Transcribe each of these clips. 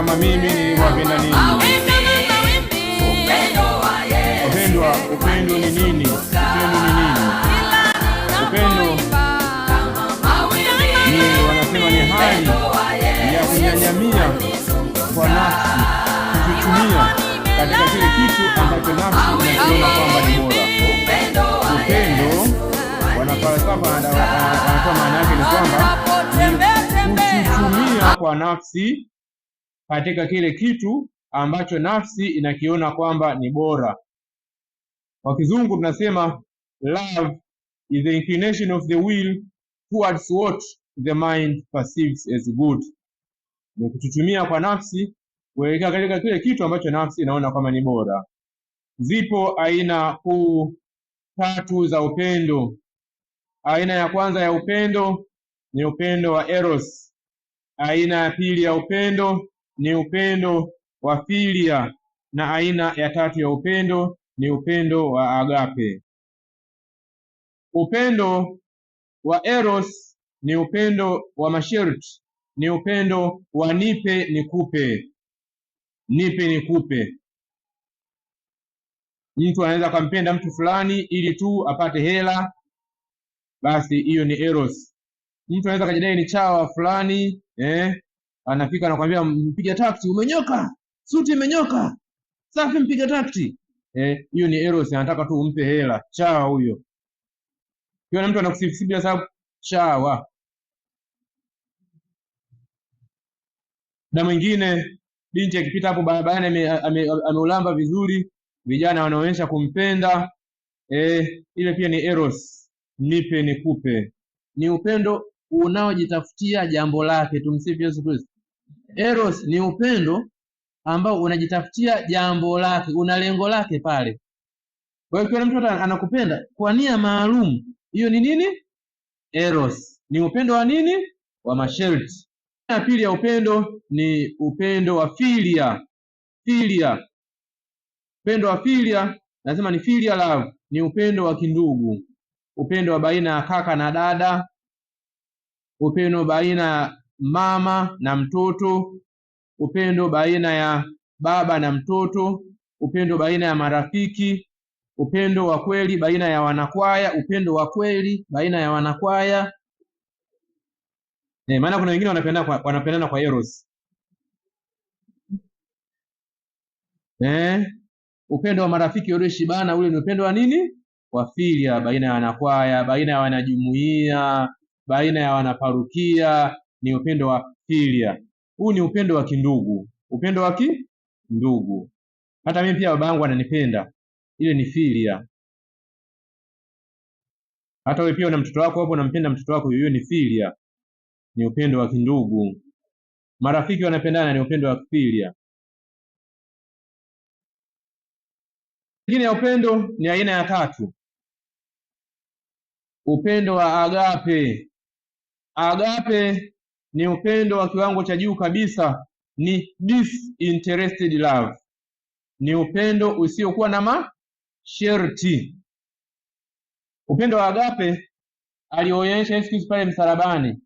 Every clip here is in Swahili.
kama mimi wapendani. Wapendwa, upendo ni nini? Upendo ni nini? Upendo ni wanasema ni hali ya kunyanyamia kwa nafsi, kujitumia katika kile kitu ambacho nafsi inakiona kwamba ni bora. Upendo wanafalsafa wanatoa maana yake ni kwamba kujitumia kwa nafsi katika kile kitu ambacho nafsi inakiona kwamba ni bora. Kwa kizungu tunasema love is the inclination of the will towards what the mind perceives as good, ni kututumia kwa nafsi kuelekea katika kile kitu ambacho nafsi inaona kwamba ni bora. Zipo aina kuu tatu za upendo. Aina ya kwanza ya upendo ni upendo wa eros. Aina ya pili ya upendo ni upendo wa filia, na aina ya tatu ya upendo ni upendo wa agape. Upendo wa eros ni upendo wa masharti, ni upendo wa nipe nikupe, nipe nikupe. Mtu anaweza akampenda mtu fulani ili tu apate hela, basi hiyo ni eros. Mtu anaweza akajidai ni chawa fulani eh, anafika anakwambia mpiga takti umenyoka, suti imenyoka, safi mpiga takti. Eh, hiyo ni Eros, anataka tu umpe hela chawa huyo. na mtu anakusifu bila sababu, chawa. Na mwingine binti akipita hapo barabarani ameulamba ame, ame vizuri, vijana wanaonyesha kumpenda eh, ile pia ni Eros, nipe nikupe, ni upendo unaojitafutia jambo lake. Tumsifu Yesu Kristo. Eros ni upendo ambao unajitafutia jambo lake, una lengo lake pale. Kwa hiyo kila mtu anakupenda kwa nia maalum, hiyo ni nini? Eros ni upendo wa nini? Wa masharti. Ya pili ya upendo ni upendo wa filia. Filia, upendo wa filia, nasema ni filia love, ni upendo wa kindugu, upendo wa baina ya kaka na dada, upendo baina mama na mtoto, upendo baina ya baba na mtoto, upendo baina ya marafiki, upendo wa kweli baina ya wanakwaya, upendo wa kweli baina ya wanakwaya. Eh, maana kuna wengine wanapendana kwa, wanapendana kwa eros eh, upendo wa marafiki walioshibana, ule ni upendo wa nini? Wa filia, baina ya wanakwaya, baina ya wanajumuia baina ya wanaparukia, ni upendo wa filia. Huu ni upendo wa kindugu, upendo wa kindugu. Hata mimi pia baba yangu ananipenda, ile ni filia. Hata wewe pia una mtoto wako hapo, unampenda mtoto wako, hiyo ni filia, ni upendo wa kindugu. Marafiki wanapendana, ni upendo wa filia. Lakini ya upendo ni aina ya tatu, upendo wa agape. Agape ni upendo wa kiwango cha juu kabisa, ni disinterested love, ni upendo usiokuwa na masharti. Upendo wa agape alionyesha Yesu Kristo pale msalabani,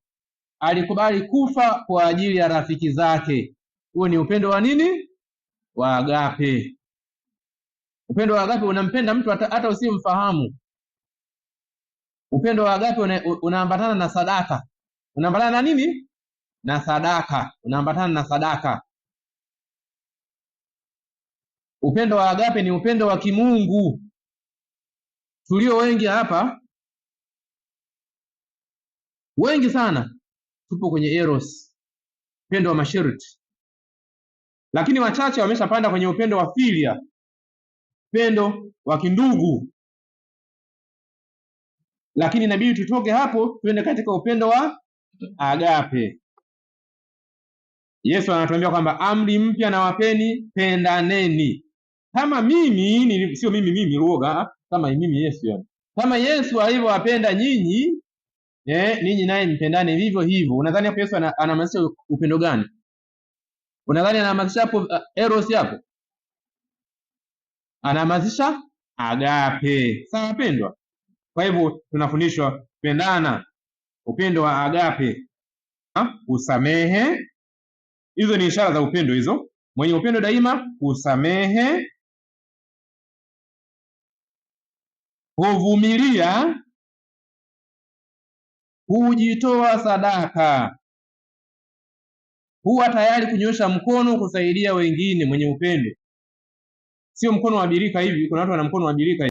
alikubali kufa kwa ajili ya rafiki zake. Huo ni upendo wa nini? Wa agape. Upendo wa agape unampenda mtu hata, hata usimfahamu. Upendo wa agape unaambatana una na sadaka, unaambatana na nini? na sadaka, unaambatana na sadaka. Upendo wa agape ni upendo wa kimungu. Tulio wengi hapa, wengi sana, tupo kwenye eros, upendo wa masharti, lakini wachache wameshapanda kwenye upendo wa filia, upendo wa kindugu lakini inabidi tutoke hapo tuende katika upendo wa agape. Yesu anatuambia kwamba amri mpya nawapeni, pendaneni kama mimi, sio mimi mimi Luoga, kama mimi Yesu, yani kama Yesu alivyowapenda nyinyi eh, ninyi naye mpendane vivyo hivyo. Unadhani hapo Yesu anamaanisha upendo gani? Unadhani anamaanisha hapo uh, eros hapo? Anamaanisha agape. Sawa pendwa? kwa hivyo tunafundishwa pendana, upendo wa agape ha? Usamehe Hizo ni ishara za upendo hizo. Mwenye upendo daima husamehe, huvumilia, hujitoa sadaka, huwa tayari kunyosha mkono kusaidia wengine. Mwenye upendo sio mkono wa birika hivi. Kuna watu wana mkono wa birika.